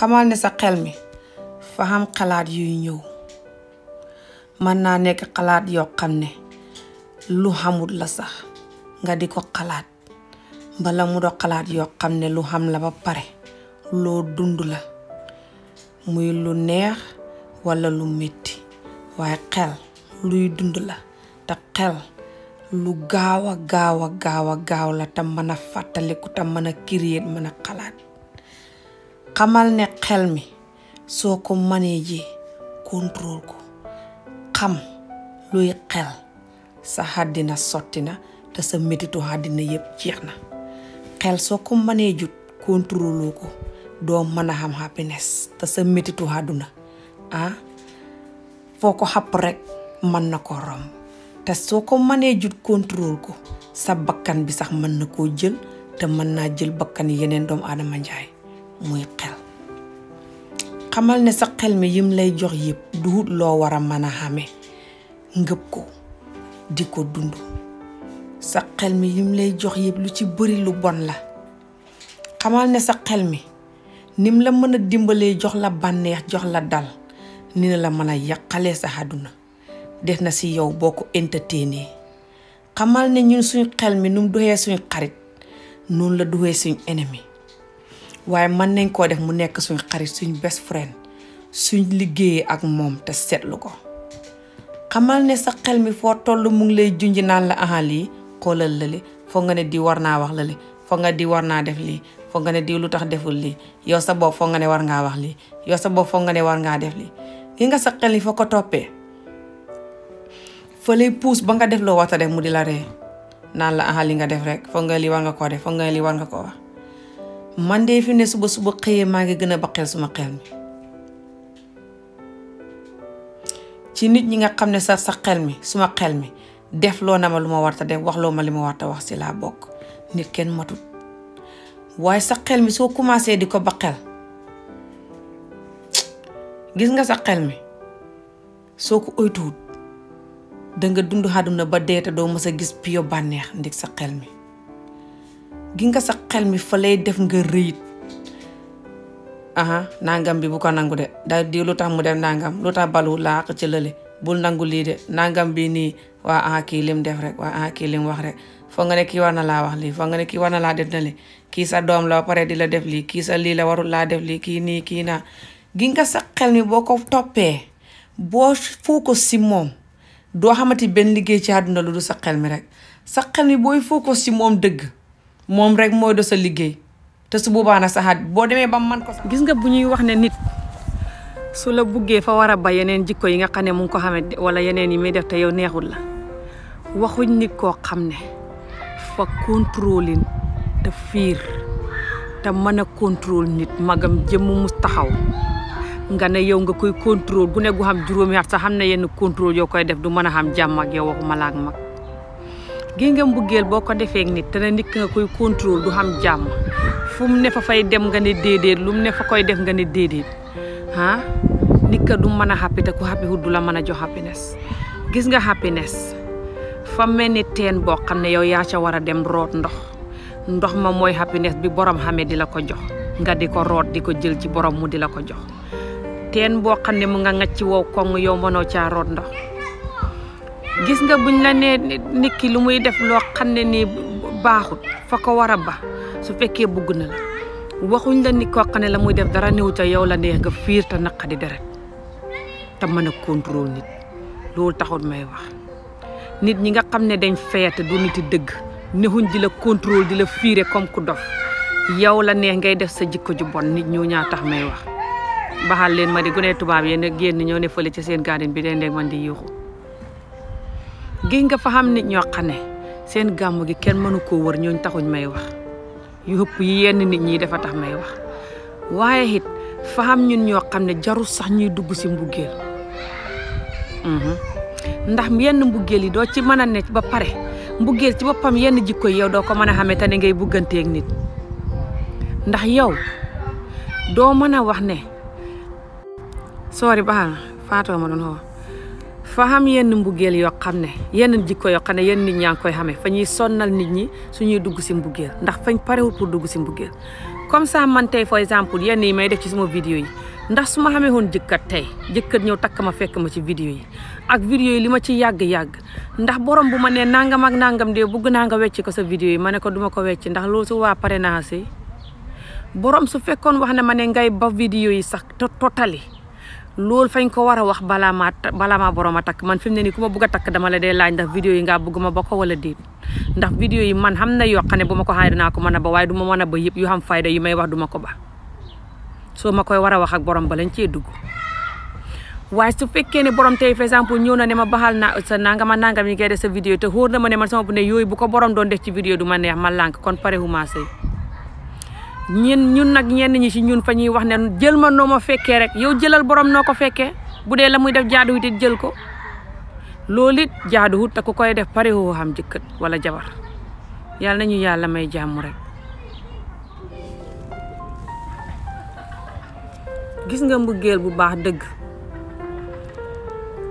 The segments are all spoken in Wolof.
xamal ne sa xel mi faxam xalaat yuy ñëw mën naa nekk xalaat yoo xam ne lu xamut la sax nga di ko xalaat bala mu do xalaat yoo xam ne lu xam la ba pare loo dund la muy lu neex walla lu metti waaye xel luy dund la te xel lu gaaw a gaaw a gaaw a gaaw la te mën a fàttaliku te mën a créer mën a xalaat xamal ne xel mi soo ko manejee contrôle ko xam luy xel sa xàddina sotti te sa métitu xàddina yépp jeex na xel soo ko contrôle ko doo mën a xam happiness te sa métitu xàdduna ah foo ko xapp rek mën na ko rom te soo ko contrôle ko sa bakkan bi sax mën na jël te mën naa jël bakkan yeneen doomu aadama njaay muy xel xamal ne sa xel mi yim lay jox yëpp duut loo war a mën a xame ngëb ko di ko dund sa xel mi yim lay jox yëpp lu ci bëri lu bon la xamal ne sa xel mi nim la mën a dimbalee jox la bànneex jox la dal ni na la mën a yàqalee sa àdduna def na ci yow boo ko entertainer xamal ne ñun suñ xel mi num duxee suñ xarit noonu la duxee suñ ennemi waaye man nañ koo def mu nekk suñ xarit suñ best friend suñ liggéey ak moom te seetlu ko xamal ne sa xel mi foo toll mu ngi lay junj naan la aha lii xoolal li foog nga ne di war naa wax li foog nga di war naa def lii foog nga ne di lu tax deful lii yow sa bopp foog nga ne war ngaa wax lii yow sa bopp nga ne war ngaa def lii gi nga sa xel ko toppee fa lay puus ba nga def loo def mu di la ree naan la nga def rek nga li war nga koo def nga li war nga koo wax man de fi ne suba suba xëyee maa ngi gën a baqeel suma xel mi ci nit ñi nga xam ne sa sa xel mi suma xel mi def loo na ma lu ma warta def wax loo ma li ma warta wax si laa bokk nit kenn matut waaye sa xel mi soo commencé di ko baqeel gis nga sa mi soo ko oytuwut danga dund àdduna ba dee doo mës a gis piyo bànneex ndig sa xel mi gi nga sa xel mi fa lay def nga rëyit aha nangam bi bu ko nangu de da di lu tax mu def nangam lu tax balu laax ci lële bul nangu lii de nangam bi nii waa aha kii lim def rek waa aha kii lim wax rek foog nga ne kii war na laa wax lii foog nga ne kii war na laa def na li kii sa doom la pare di la def lii kii sa lii la warul laa def lii kii nii kii naa gi nga sa xel mi boo ko toppee boo focus si moom doo xamati benn liggéey ci àdduna lu du mi rek sa moom dëgg mom rek moy do sa liggey te su boobaa na sa xaat boo demee man ko gis nga buñuy wax ne nit su la buggé fa wara ba yenen jikko yi nga xam mu ngi ko xamé wala yenen yi mi def te yow neexul la waxuñ nit ko xamné fa te fiir te mëna nit magam jëm mu taxaw nga ne yow nga koy contrôle bu ne gu xam juroomi at sa xamné yenn contrôle yo koy def du mëna xam jamm ak yow waxuma la ak gi nga mbuggeel boo ko defee nit te ne nit ki nga koy contrôle du xam jàmm fu mu ne fa fay dem nga ne déedéet lu mu ne fa koy def nga ne déedéet ah nit du mën a happy te ku happy wut du la mën a jox happiness gis nga happiness fa mel ni teen boo xam ne yow yaa ca war a dem root ndox ndox ma mooy happiness bi borom xamee di la ko jox nga di ko root di ko jël ci borom mu di la ko jox teen boo xam ne mu nga ngacc wow koŋ yow mënoo caa root ndox gis nga buñ la ne nit ki lu muy def lo xamné ni baaxut fa ko wara ba su fekkee bugg na la waxuñ la ni ko xamné ne la muy def dara néew ca yow la neex nga fiir te naqadi dara ta mën a contrôle nit lool taxul may wax nit ñi nga xamné ne dañ feete du niti dëgg nexuñ di la contrôle di la fiire comme ku dof yow la neex ngay def sa jikko ju bon nit ñoo ñaa tax may wax baxal leen ma gune tubaab ñoo ne fele ci seen garden bi deen man di yuxu gi nga fa xam nit ñoo xane seen gamu gi kenn mënu ko wër ñooñ taxuñ may wax yu ëpp yi yenn nit ñi dafa tax may wax waaye it fa xam ñun ñoo xam ne jarul sax ñuy dugg si mbuggeel mhm. ndax yenn mbuggeel yi doo ci mën a ba pare mbuggeel ci boppam yenn jikko yow doo ko mën a xamee te ngay bugganteeg nit ndax yow doo mën wax ne sori ma doon xoo fa xam yenn mbugeel yoo xam ne yenn jikko yoo xam ne yenn nit ñaa ngi koy xamee fa ñuy sonnal nit ñi suñuy dugg si mbugeel ndax fañ parewul pour dugg si mbugeel comme ça man tey for exemple yenn yi may def ci suma vidéo yi ndax su ma xamee woon jëkkat tey jëkkat ñëw takk ma fekk ma ci vidéo yi ak vidéo yi li ma ci yàgg-yàgg ndax borom bu ma nee nangam ak nangam de bugg naa nga wecc ko sa vidéo yi ma ne ko duma ko wecc ndax loolu su waa pare naa si borom su fekkoon wax ne ma ne ngay ba vidéo yi sax totali loolu fañ ko war a wax balaa maa balaa maa borom a takk man fi ne nii ku ma bëgg a takk dama la dee laaj ndax vidéo yi ngaa bëgg ma ba ko wala déet ndax vidéo yi man xam na yoo xam ne bu ma ko xaar dinaa ko mën a ba waaye du ma a ba yëpp yu xam fayda yi may wax ma ko war a wax ak borom ba lañ cee dugg waaye su fekkee ne borom tey par exemple ñëw na ne ma baxal naa sa nangama nangam yi ngay def sa vidéo te xóor na ma ne man sama bu yooyu bu ko borom doon def ci vidéo du ma neex ma lànk kon pare wu ma sëy ñin ñun nak ñen ñi ci ñun fa ñuy wax ne jël ma noo ma rek yow jëlal borom noko fekke bu dee la muy def jaadu it jël ko loolu jaadu jaaduwut ta ku koy def pare woo xam jëkkat wala jabar yàlla nañu yalla may jamm rek gis nga mbëggeel bu baax deug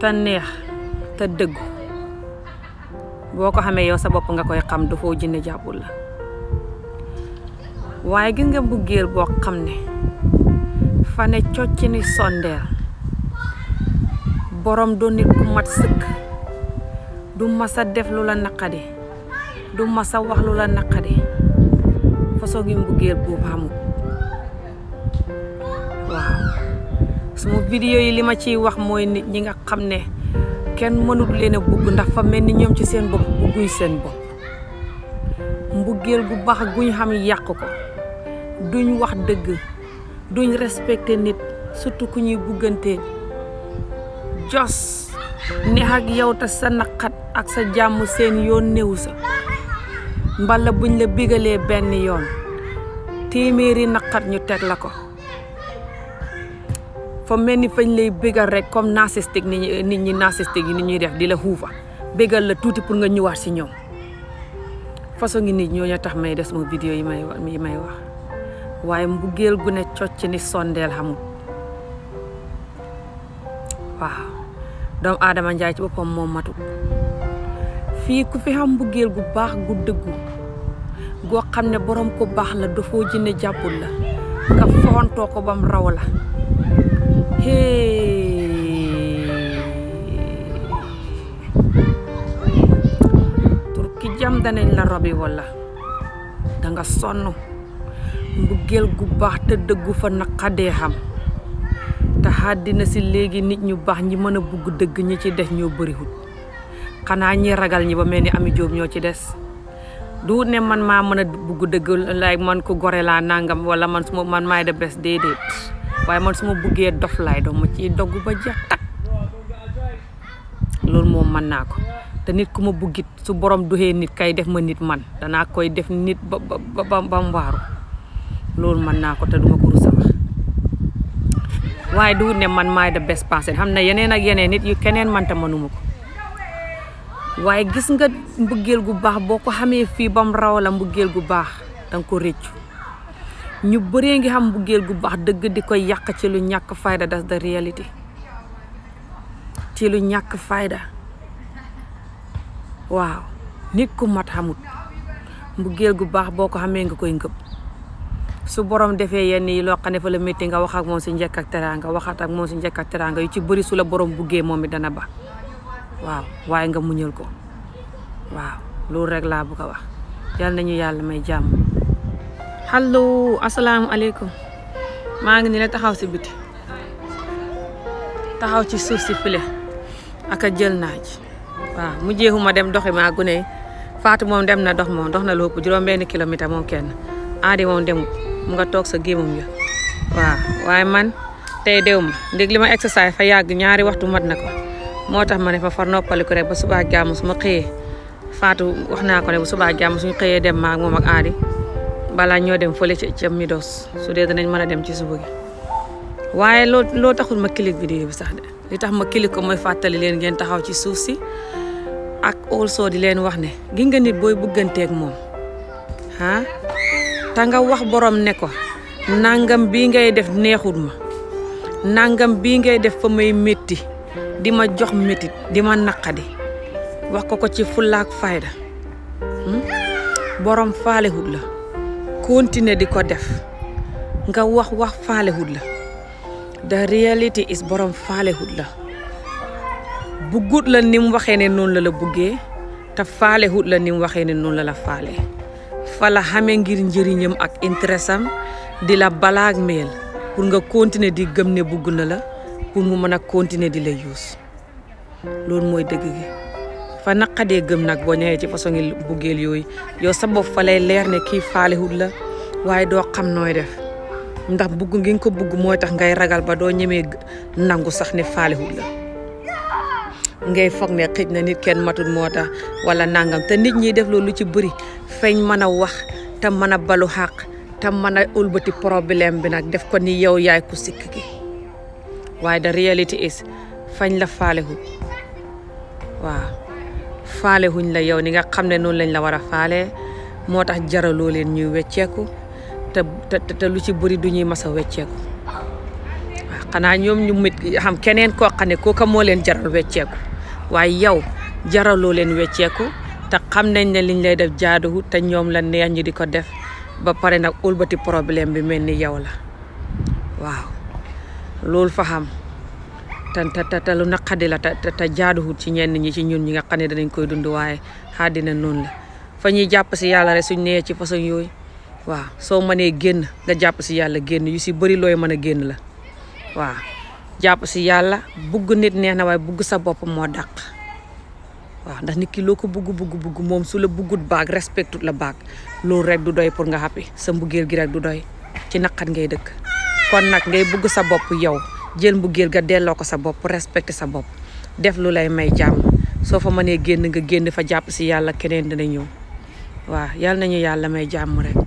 ta neex ta deug boko xamé yow sa bop nga koy xam fo jinne jàppul la waaye gi nga buggeel boo xam ne fa ne borom do nit ku mat sëkk du masa def lu nakade. naqadi du masa wax lu la fa façon ngi Wow. boobu video waaw suma vidéo yi li ma ciy wax mooy nit ñi nga xam ne kenn mënut leen a bugg ndax fa mel ni ci seen bopp bugguy seen bopp gu bax guñ xam yàq duñ wax dëgg duñ respecté nit surtout ku ñuy buggante jos neex ak yow te sa naqat ak sa jàmm seen yoon néew si mbala buñ la bigalee benn yoon téeméeri naqat ñu teg la ko fa mel ni fañ lay bégal rek comme narcissique ni ñu nit ñi narcissique yi ni ñuy def di la xuufa bégal la tuuti pour nga ñëwaat ci ñoom façon ngi nit ñoo tax may des mo vidéo yi may yi may wax waaye mbugeel gu ne cocc ni sondeel xamut waaw doomu aadama njaay ci boppam moom matu fii ku fi xam mbugeel gu baax gu dëggu goo xam ne borom ko baax la dafoo jinne jàppul la ka fontoo ko bam raw la tur ki jam danañ la robi wala da nga sonn mbëggeel gu bax te deggu fa naqadee xam te hadina si legi nit ñu bax ñi mëna bugg degg ñi ci def ñoo hut xana ñi ragal ñi ba melni Ami Jóob ñoo ci dess du ne man ma mëna bugg degg lay man ko goré la nangam wala man suma man may de bes dede way man suma buggee dof lay do mu ci doggu ba jeex tak lool moom man te nit kuma buggit su borom nit kay def ma nit man dana koy def nit ba ba ba lool man na ko te duma ko rusa wax waaye du ne man may the best passer xamna na yeneen ak yeneen nit yu keneen manta mënuma ko waye gis nga mbugel gu bax boko xame fi bam raw la mbugel gu bax dang ko reccu ñu bëree ngi xam mbugel gu bax deug di ko ci lu ñak fayda das the reality ci lu ñak fayda waaw nit ku mat xamut mbugel gu bax boko xame nga koy ngëb su borom defé yenn yi lo xane fa le metti nga wax ak moom si ak teranga waxat ak si ak teranga yu ci bëri su la borom buggee momi dana ba waaw waaye nga muñal ko waaw lu rek la bu ko wax yal nañu yalla may hallo assalamu alaykum ma ngi ni la taxaw ci biti taxaw ci suuf ci filé ak a jël ci waaw mu jeexuma dem doxima gune Fatou mom dem na dox mom dox na lopp juroom ben kilomètre kenn aadi mom dem mu nga toog sa gémam ya waaw waaye man tey dew ma ndég li ma exercice fa yàgg ñaari waxtu mat na ko moo tax ma ne fa far noppaliku rek ba subaa jàmm su ma xëyee faatu wax naa ko ne bu subaa jàmm suñu xëyee dem maa moom ak aadi balaa ñoo dem fële ca ca Midos su dee danañ mën a dem ci suba gi waaye loo loo taxul ma clic bi sax li tax ma clic mooy fàttali leen ngeen taxaw ci suuf si ak also di leen wax ne ginga nga nit booy bëgganteeg moom ah te nga wax borom ne ko nangam bii ngay def neexut ma nangam bii ngay def fa may metti di ma jox métit di ma naqadi wax ko ko ci fullaak fayda hmm? borom faalehut la continuer di ko def nga wax wax faalehut la da reality is borom faalehut la buggut la ni mu waxee ne noonu la la buggee te faalehut la ni mu waxee ne noonu la la faale fa la ngir njëriñam ak interessam di la balaag mel pour nga continuer di gëm ne bugg na la pour mu mën continuer di la yous lool moy dëgg gi fa naqade gëm nak bo ñëwee ci façon yi buggeel yoy yo sa bop fa lay leer ne ki falihul la waye do xam noy def ndax bugu ngi ko bugu moy tax ngay ragal ba do ñemee nangu sax ne falihul la ngay fogné xejna nit kenn matul motax wala nangam té nit ñi def loolu ci bëri feeñ mën a wax te mën a balu xàq te mën a ulbati problème bi nag def ko ni yow yaay sikk ki waaye the reality fañ la faalewul waaw faalewuñ la yow ni nga xam ne noonu lañ la war a faale moo tax jaraloo leen ñuy wecceeku te te lu ci bëri du ñuy masa a wecceeku waaw xanaa ñoom ñu mit xam keneen koo xam ne kooka moo leen jaral wecceeku waaye yow jaraloo leen wecceeku te xam nañ ne liñ lay def jaaduwul te ñoom la neex ñi di ko def ba pare nag ulbati problème bi mel ni yow la waaw loolu fa xam te te te lu naqadi la te te jaaduwul ci ñenn ñi ci ñun ñi nga xam ne danañ koy dund waaye xaddina noonu la fa ñuy jàpp si yàlla rek suñ nee ci façon yooyu waaw soo mënee génn nga jàpp si yàlla génn yu si bari looy mën a génn la waaw jàpp si yàlla bugg nit neex na waaye bugg sa bopp moo dàq. waaw ndax nit ki loo ko bugg bugg bugg moom su la buggut baag respectut la baag loolu rek du doy pour nga xàppi sa mbugéel gi rek du doy ci naqat ngay dëkk kon nag ngay bugg sa bopp yow jël mbugéel ga delloo ko sa bopp respecté sa bopp def lu lay may jàmm soo fa mënee génn nga génn fa jàpp si yàlla keneen dina ñëw waaw yàlla nañu yàlla may jàmm rek